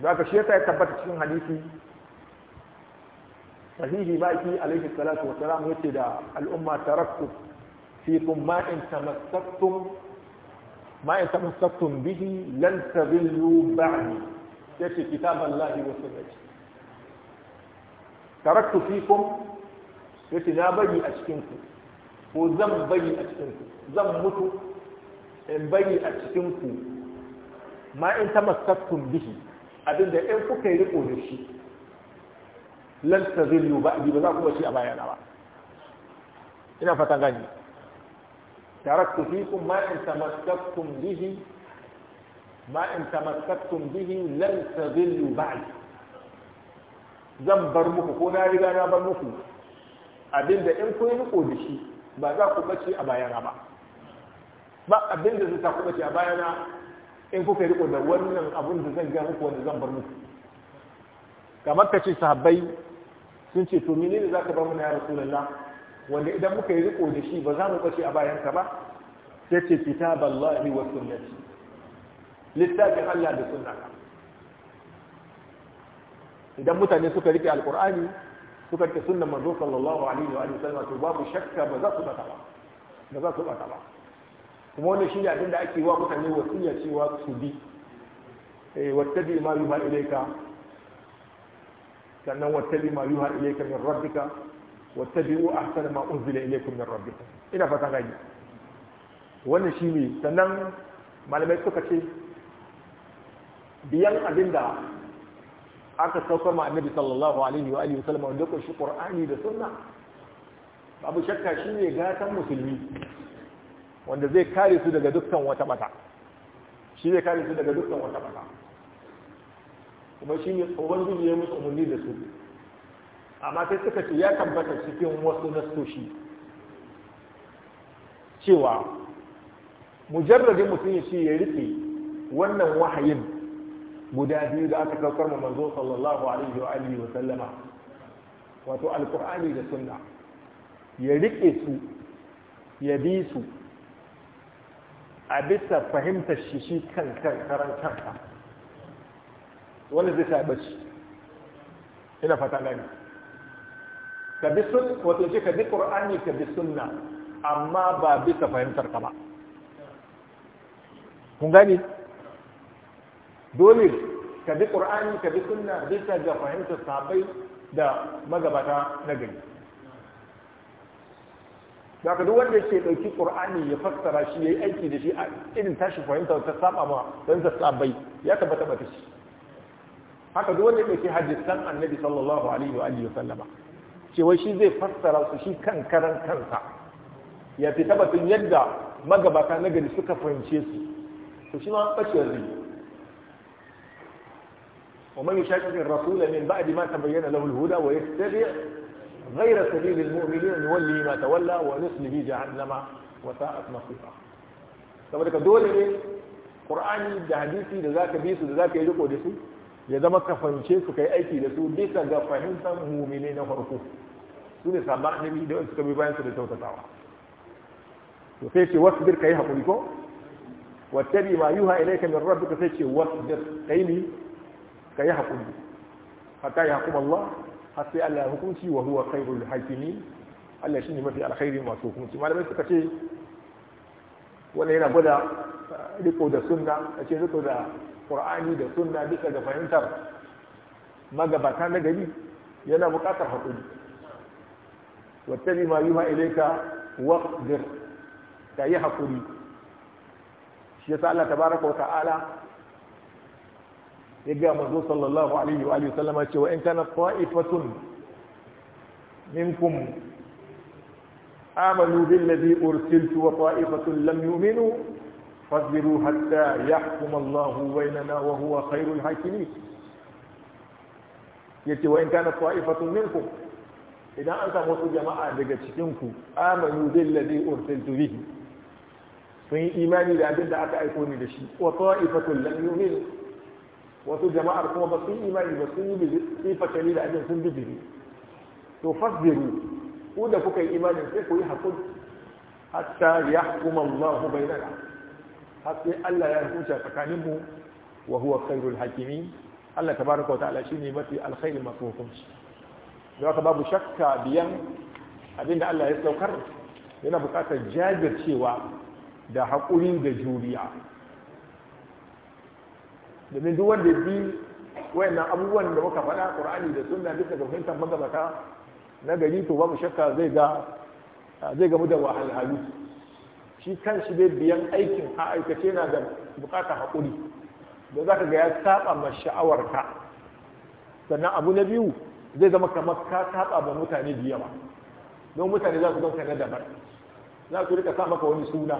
da aka shi ya tabbata cikin hadisi sahihi baki alaihi salatu wassalam yace da al'umma taraktu fikum ma in tamassaktum ma in tamassaktum bihi lan tadillu ba'di yace kitab Allah wa sunnati taraktu fikum yace na bari a cikin ku ko zan bari a cikin ku zan mutu in bari a cikin ku ma in tamassaktum bihi abinda in kuka yi riko da shi lan tazillu ba'di ba za ku bace a bayana ba ina fatan gani taraktu fikum ma in tamassaktum bihi ma in tamassaktum bihi lan tazillu ba'di zan bar muku ko na riga na bar muku abinda in kun riko da shi ba za ku bace a bayana ba ba abinda zai ta ku bace a bayana in kuka riko da wannan abin da zan ga muku wanda zan bar muku kamar ka ce sahabbai sun ce to menene zaka ba mu ya rasulullah wanda idan muka yi riko da shi ba za mu bace a bayan ka ba sai ce kitaballahi wa sunnati littafin Allah da sunna idan mutane suka rike alqur'ani suka rike sunnan manzo sallallahu alaihi wa sallam to babu shakka ba za su bata ba ba za su bata ba kuma wannan shi ne abin da ake wa mutane wasiya cewa su bi eh, wattabi ma yuha ilayka sannan wattabi ma yuha ilayka min rabbika wattabi'u ahsana ma unzila ilaykum min rabbika ina fata gani wannan shine sannan malamai suka ce biyan abinda aka saukar ma annabi sallallahu alaihi wa alihi wasallam wanda ko shi qur'ani da sunna babu shakka shine gatan musulmi wanda zai kare su daga dukkan wata mata shi zai kare su daga dukkan wata mata. kuma shi ne ubangiji ya musu umarni da su amma sai suka ce ya tabbata cikin wasu nasoshi cewa mujarradin mutum ya ce ya rike wannan wahayin guda biyu da aka saukar ma manzo sallallahu alaihi wa alihi wa sallama wato alqur'ani da sunna ya rike su ya bi su a bisa fahimtar shi shi kan kan karan kanka wannan zai sa bacci ina fata gani ka bi sun wato ce ka bi qur'ani ka bi sunna amma ba bisa fahimtar ka ba kun gani dole ka bi qur'ani ka bi sunna bisa ga fahimtar sabai da magabata na gani. da ka duk wanda ke dauki qur'ani ya fassara shi yayi aiki da shi a irin tashi fahimta ta saba ma dan ta sabai ya tabbata ba ta shi haka duk wanda yake san annabi sallallahu alaihi wa alihi wa sallama ce wai shi zai fassara su shi kan karan kansa ya fi tabbatin yadda magabata na gari suka fahimce su to shi ma baciyar zai wa man yashaqiqi ar-rasul min ba'di ma tabayyana lahu al-huda wa yattabi' ghayra sabili al-mu'minin yuwalli ma tawalla wa nuslihi jahannama wa sa'at masira saboda ka dole ne qur'ani da hadisi da zaka bi su da zaka yi riko da su ya zama ka fahimce su kai aiki da su bisa ga fahimtar mumine na farko su ne sabon annabi da suka bi bayan su da kyautatawa to sai ce wasu bir yi haƙuri ko bi ma yuha ilayka min rabbika sai ce wasu bir yi ni yi hakuri hatta yi hukuma Allah har sai Allah ya hukunci wa huwa khairul hakimin Allah ne mafi alkhairi masu hukunci malamai suka ce wannan yana gwada riko da sunna a ce riko da qur'ani da sunna bisa ga fahimtar magabata na gari yana buƙatar haƙuri wattabi ma yuma ilayka waqdir ta yi haƙuri shi sa Allah tabaraka wa ta'ala ya ga manzo sallallahu alaihi wa alihi sallama cewa in kana qa'ifatun minkum amanu billadhi ursiltu wa qa'ifatun lam yu'minu فاصبروا حتى يحكم الله بيننا وهو خير الحاكمين يتي وان كانت طائفة منكم إذا أنت موتو جماعة لجتشكنكم آمنوا بالذي أرسلت به في إيماني لأبدا أتعيكوني لشيء وطائفة لم يؤمن وتو جماعة رقم بصي إيماني بصي بصيفة كليل أجل سن بجري فاصبروا ودفك إيماني سيكوي حتى يحكم الله بيننا Haske Allah ya hukunci tsakanin mu wa huwa khairul hakimin Allah tabaraka wa ta'ala shine mafi alkhairu masu hukunci don babu shakka biyan abinda Allah ya saukar yana bukatar jajircewa da haƙuri da juriya domin duk wanda bi wayannan abubuwan da muka faɗa ƙur'ani da sunna duka ga fahimtar magabata na gari to babu shakka zai ga zai gamu da wahalhalu shi kan shi bai biyan aikin a aikace na da bukata haƙuri da za ka ga ya saba ma sha'awarka sannan abu na biyu zai zama kamar ka saba ma mutane da yawa don mutane za su ganka na daban za su rika sa maka wani suna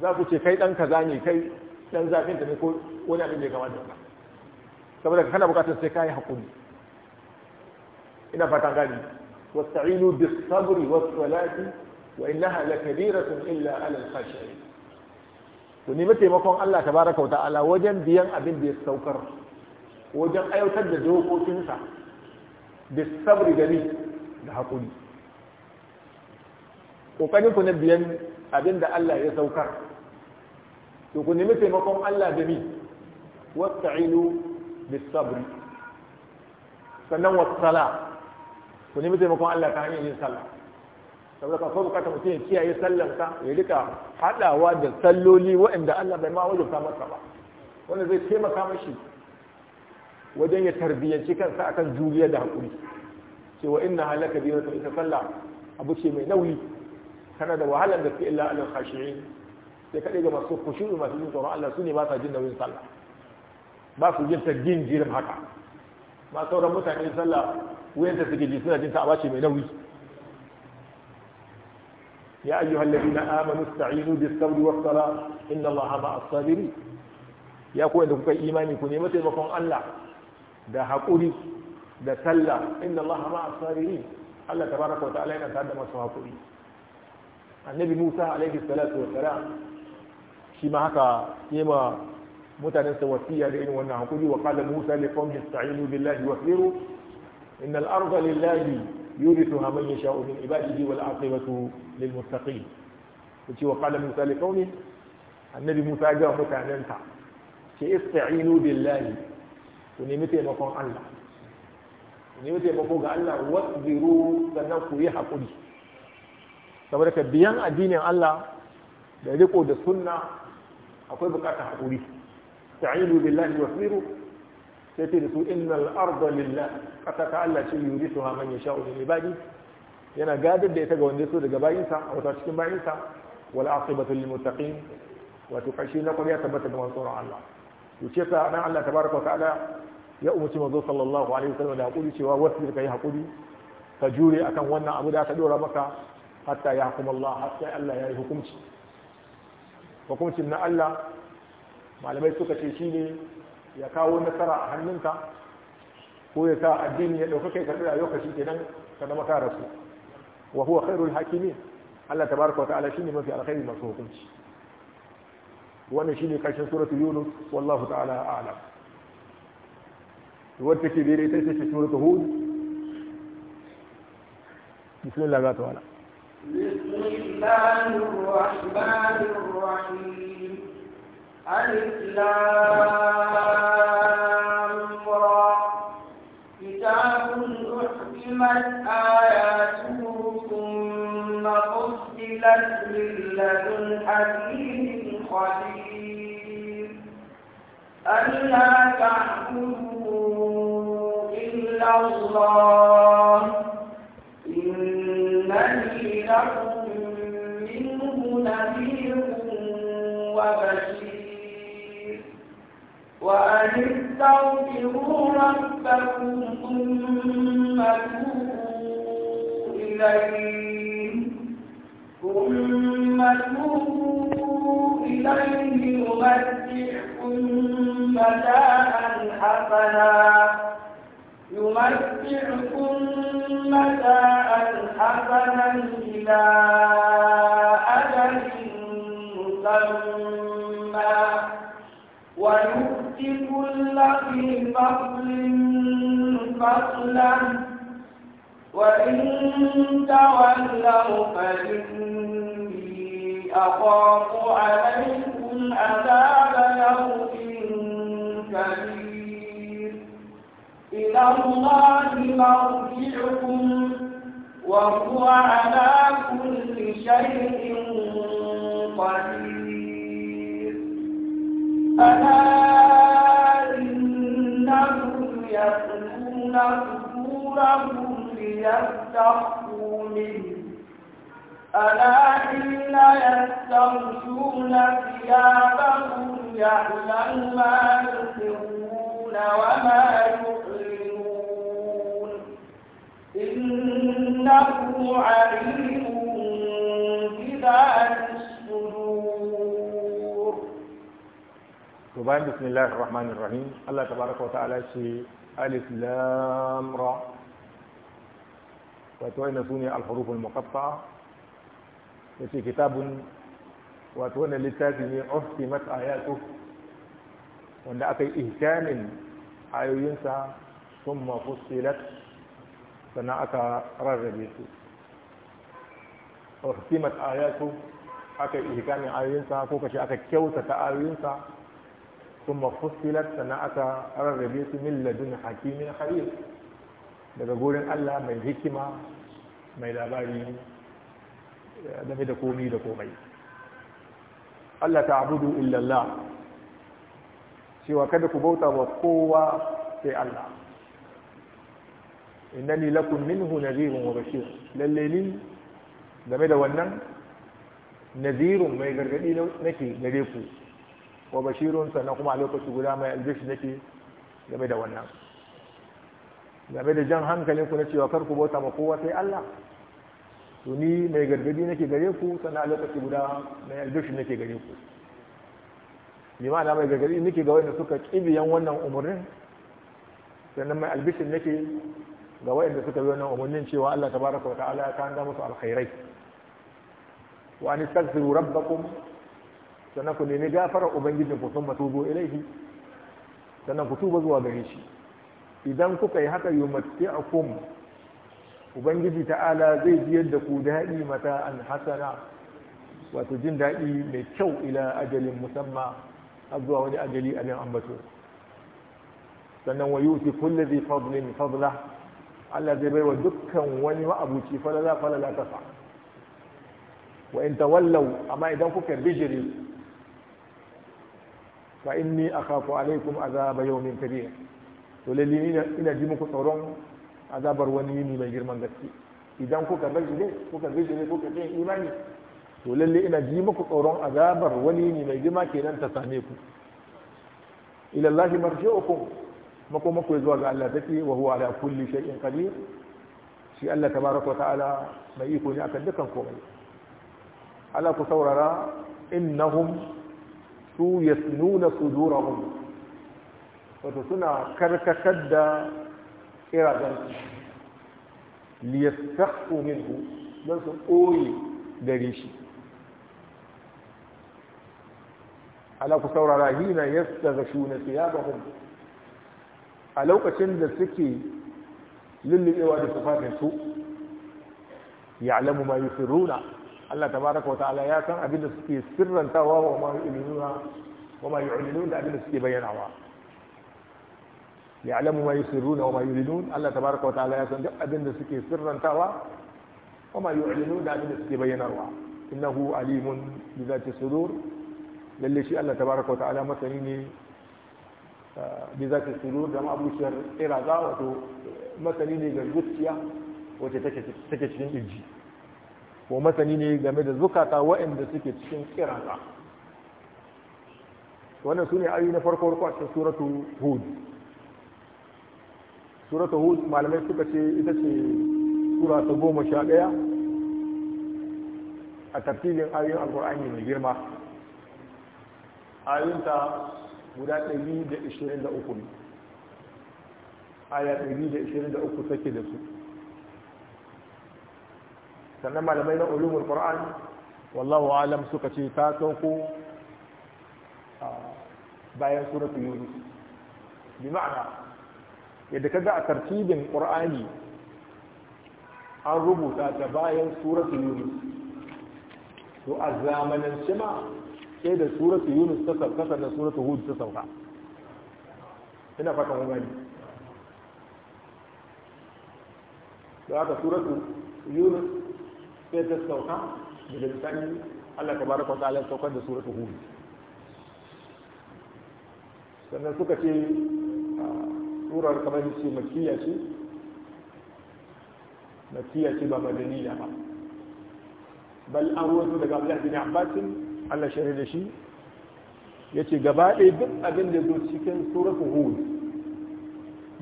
za su ce kai dan kaza ne kai dan zafin ta ne ko wani abin da ya kamata ka saboda kana bukatar sai kai haƙuri. ina fatan gani wasta'inu bis sabri was salati wa innaha lakabiratun illa ala al-khashi'in to nemi taimakon Allah tabaraka wa ta'ala wajen biyan abin da ya saukar wajen aiwatar da dokokinsa da sabri gari da haƙuri. Ƙoƙarin ku na biyan abin da Allah ya saukar to ku nemi taimakon Allah da ni wasta'inu da sabri sannan was sala ku nemi taimakon Allah ta hanyar yin sallah saboda kan kawai ta mutum ya kiyaye sallansa ya rika haɗawa da salloli waɗanda Allah bai ma wajabta masa ba wanda zai taimaka mashi wajen ya tarbiyyanci kansa akan juriya da haƙuri cewa ina halaka biyu ta ita sallah abu ce mai nauyi kana da wahalar da fi illa alin khashi'in sai kaɗai ga masu da masu jin tsoron Allah su ne ba sa jin nauyin sallah ba su jin ta jirin haka Ba sauran mutane sallah wuyanta suke ji suna jin ta ce mai nauyi يا أيها الذين آمنوا استعينوا بالصبر والصلاة إن الله مع الصابرين يا كو عندك إيماني كوني متى بكون الله ده حقوري ده صلى إن الله مع الصابرين الله تبارك وتعالى أن تعدى ما صحابوري النبي موسى عليه الصلاة والسلام ما هكا يما mutanen sa wasiya وانا حقوري وقال موسى لقومه استعينوا بالله واصبروا ان الارض لله يورثها من يشاء من عباده والعاقبة للمتقين وتي وقال موسى لقومه النبي موسى جاء متعننتا كي استعينوا بالله ونمتي مقام الله ونمتي مقام الله واصبروا سنكو يحقني saboda ka biyan addinin Allah da riko da sunna akwai bukatar haƙuri ta'inu billahi wasbiru sai ta da su innal arda lillah kasa ka Allah ce yurisu ha man yasha'u min ibadi yana gadar da ita ga wanda so daga bayinsa a wata cikin bayinsa wal aqibatu lil muttaqin wato kashi na kwariya tabbata da mansoron Allah to ce sa dan Allah tabaraka wa ta'ala ya umarci manzo sallallahu alaihi wasallam da hakuri cewa wasu da yi hakuri ka jure akan wannan abu da aka dora maka hatta ya hukuma Allah hatta Allah ya yi hukunci hukuncin na Allah malamai suka ce shine ya kawo nasara a hannunka ko ya sa addini ya ɗaukaka ya karɓi rayuwa shi kenan ka zama ka rasu wa huwa khairul Hakimi, Allah Ta tabaraka wa ta'ala shine mafi alkhairi masu hukunci wannan shine karshen suratul yunus wallahu ta'ala a'lam wata ke bere ita ce suratul hud bismillah ga ta'ala بسم الله الرحمن الرحيم الم را كتاب أحكمت آياته ثم فصلت من لدن حكيم خبير ألا تعبدوا إلا الله إنني لكم منه نذير وبشير وأن استغفروا ربكم ثم توبوا ثم توبوا إليه يمتعكم متاعا حسنا يمتعكم متاعا حسنا إلى أجل مسمى ويؤتي كل ذي فضل فضلا وإن تولوا فإني أخاف عليكم عذاب يوم كبير إلى الله مرجعكم وهو على كل شيء قدير ألا إنهم يأتون صدورهم ليستخفوا ألا حين يستغشون ثيابهم يعلم ما يسرون وما يعلنون إنه عليم بذات سبحان بسم الله الرحمن الرحيم الله تبارك وتعالى شيء ألف لام را وتوين سوني الحروف المقطعة في كتاب وتوين للتاتي من آياته وأن أكي إهكام آيو ينسى ثم فصلت فنا أكا رغب أختمت آياته أكي إهكام آيو ينسى فوكشي أكي كيوتة آيو ينسى ثم فصلت سنعك الربيت من لدن حكيم خبير daga gurin Allah mai hikima mai labari game da komi da komai Allah ta abudu illallah cewa kada ku bauta wa kowa sai Allah innani lakum minhu nadhirun wa bashir lalle ni game da wannan nadhirun mai gargadi nake gare ku wa bashirun sannan kuma a lokaci guda mai albishi nake game da wannan game da jan hankalin ku na cewa kar ku bauta ma kowa sai Allah to ni mai gargadi nake gare ku sannan a lokaci guda mai albishi nake gare ku ni ma na mai gargadi nake ga wanda suka kibiyan wannan umarnin sannan mai albishin nake ga wanda suka bi wannan umarnin cewa Allah tabaraka wa ta'ala ya kanda musu alkhairai wa anistaghfiru rabbakum sannan ku nemi gafarar ubangijin ku sun matubo ilaihi sannan ku tuba zuwa gare shi idan kuka yi haka yumatti'akum ubangiji ta'ala zai jiyar da ku daɗi mata an hasana wato jin daɗi mai kyau ila ajalin musamma har zuwa wani ajali abin ambato sannan wa yuti kulli dhi fadlin fadla Allah zai baiwa dukkan wani ma'abuci falala falala kasa wa in tawallaw amma idan kuka bijiri fa inni akhafu alaikum azaba yawmin kabir to lalle ina ji muku tsoron azabar wani yini mai girman gaske idan kuka rajile kuka rajile kuka yin imani to lalle ina ji muku tsoron azabar wani yini mai girma kenan ta same ku ila Allah marji'ukum mako mako zuwa ga Allah take wa huwa ala kulli shay'in qadir shi Allah tabaraka wa ta'ala mai iko ne akan dukan komai ala ku saurara innahum su yasnuna sudurahum wato suna karkatar da li liyastaqu minhu dan su koyi gare shi ala ku saurara hina yastaghshuna thiyabahum a lokacin da suke lullubewa da tufafinsu ya'lamu ma yusirruna Allah tabaraka wa ta'ala ya san abin da suke sirrantawa wa ma yu'minuna wa ma yu'linun da abin da suke bayyanawa ya'lamu ma yusirruna wa ma yu'linun Allah tabaraka wa ta'ala ya san duk abin da suke sirrantawa wa ma yu'linun da abin da suke bayyanawa innahu alimun bi zati sudur lalle shi Allah tabaraka wa ta'ala masani ne eh, bi zati sudur da ma abushar iraza wato masani ne ga zuciya wacce take cikin inji ko masani ne game da zukata waɗanda suke cikin kirata wannan su ne ayoyi na farko farko a cikin suratu hud suratu hud malamai suka ce ita ce sura ta goma sha ɗaya a tafsirin ayoyin alkur'ani mai girma ayoyinta guda ɗari da da uku ne aya ɗari da da uku take da su sannan malamai na ulumul qur'an wallahu alam suka ce ta sauko bayan suratul yunus bi ma'ana yadda kaga a tartibin qur'ani an rubuta ta bayan suratul yunus to a zamanin shima sai da suratul yunus ta sauka sannan suratul hud ta sauka ina fatan gani da aka suratul yunus sai ta sauka daga sani, Allah ta baraka ta'ala ya saukar da suratul hud sannan suka ce turar kamar ce makiya ce makiya ce ba madaniya ba bal an ruwato daga Abdullah bin Abbas Allah shari da shi ya ce gaba ɗaya duk abin da zo cikin suratul hud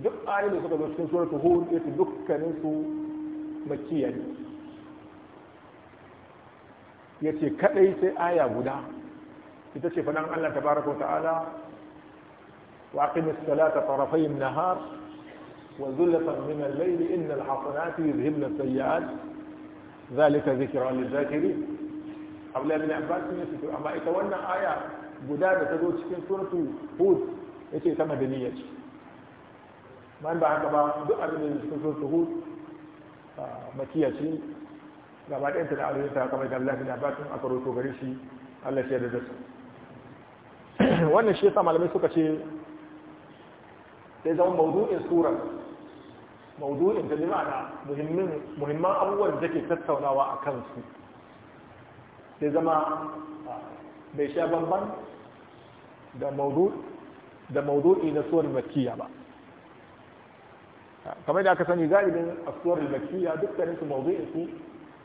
duk ayoyin da suka zo cikin suratul hud yace dukkanin su makiyya ne ya ce kadai sai aya guda ita ce faɗan allah Ta wa ta'ala wa aqimis salata tarafayn nahar wa zulfan min al-layl innal hasanati yuzhibna as-sayyi'at zalika dhikra lil-zakirin abdullahi bin abbas ne su amma ita wannan aya guda da ta zo cikin suratu hud yace ta madaniya ce man ba haka ba duk abin da cikin suratu hud ah, makiya ce gaba ɗaya ta da aure ta kamar da Allah da a aka roto gare shi Allah shi da su <clears throat> wannan shi ya sa malamai suka ce sai zama mawudu'in sura mawudu'in da ma'ana na muhimman abubuwan da ke tattaunawa a kansu sai zama bai sha bamban da mawudu'i na suwar makiya ba kamar da aka sani galibin a suwar makiya dukkanin su su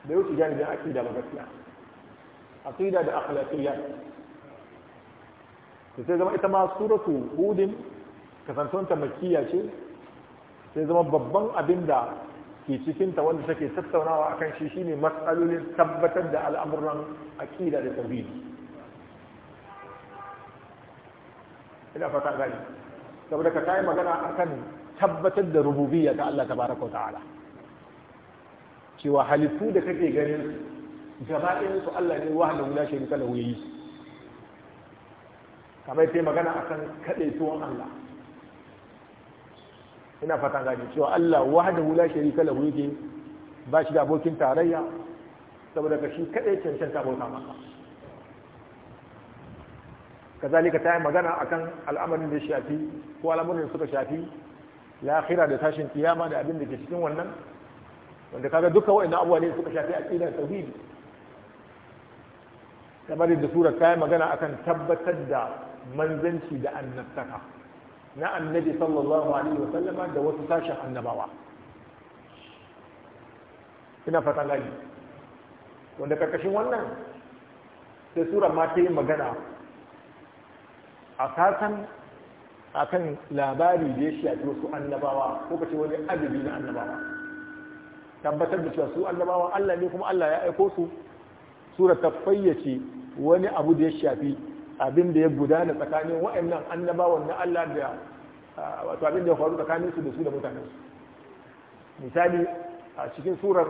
bai wuce janibin da ba gaskiya aqida da akhlaqiyya to sai zama ita ma suratu hudin ta makkiya ce sai zama babban abin da ke cikinta wanda take tattaunawa akan shi shine matsalolin tabbatar da al'amuran aqida da tauhidi ina fata gani saboda ka kai magana akan tabbatar da rububiyya ta Allah tabaraka wa ta'ala cewa halittu da kake ganin gaba ɗayan su Allah ne wahala wula shirika lahu yi. kamar sai magana akan tuwon Allah ina fatan gani cewa Allah wahala wula shirika lahu ke ba shi da abokin tarayya saboda ka shi kadai cancanta bauta masa kazalika ta yi magana akan al'amarin da shafi ko al'amarin da suka shafi lahira da tashin kiyama da abin da ke cikin wannan wanda kaga duka wa'annan abubuwa ne suka shafi aqidar tauhidi kamar da sura ta magana akan tabbatar da manzanci da annabtaka na annabi sallallahu alaihi wasallama da wasu sashen annabawa ina fata gani wanda karkashin wannan sai sura ma ta yi magana a kasan akan labari da ya shafi wasu annabawa ko kace wani adadi na annabawa tabbatar da cewa su annabawan Allah ne kuma Allah ya aiko su sura ta fayyace wani abu da ya shafi abin da ya gudana tsakanin wa'annan annabawan na Allah da wato abin da ya faru tsakanin su da su da mutanen su misali a cikin surar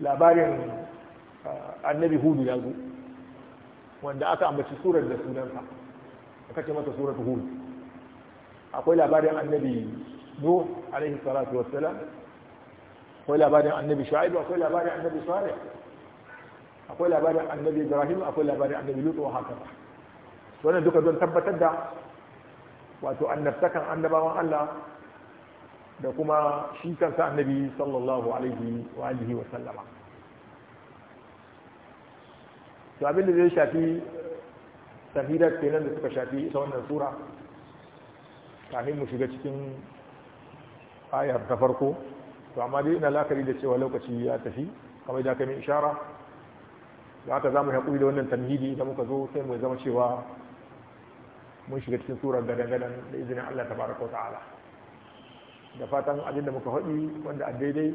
labarin annabi hudu ya zo wanda aka ambaci surar da sunansa aka ce masa surar hudu akwai labarin annabi nuh alaihi salatu wassalam akwai labarin annabi shu'aibu akwai labarin annabi salih akwai labarin annabi ibrahim akwai labarin annabi lutu haka wannan duka don tabbatar da wato annabtakan annabawan Allah da kuma shi kansa annabi sallallahu alaihi wa alihi wa sallama to abin da zai shafi tahidat kenan da suka shafi ita wannan sura kafin mu shiga cikin ayar ta farko to amma dai ina lakari da cewa lokaci ya tafi kamar da aka mai ishara da aka zamu haƙuri da wannan tamhidi idan muka zo sai mu zama cewa mun shiga cikin surar gadan-gadan da izinin Allah tabaraka ta'ala da fatan abin da muka faɗi wanda a daidai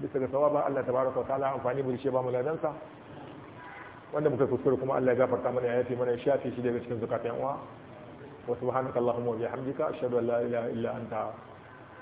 bisa ga sawaba Allah tabaraka ta'ala amfani mu shi ba mu ladansa wanda muka kuskure kuma Allah ya gafarta mana ya yafi mana ya shafe shi daga cikin zakatan uwa wa Allahumma wa bihamdika ashhadu an la ilaha illa anta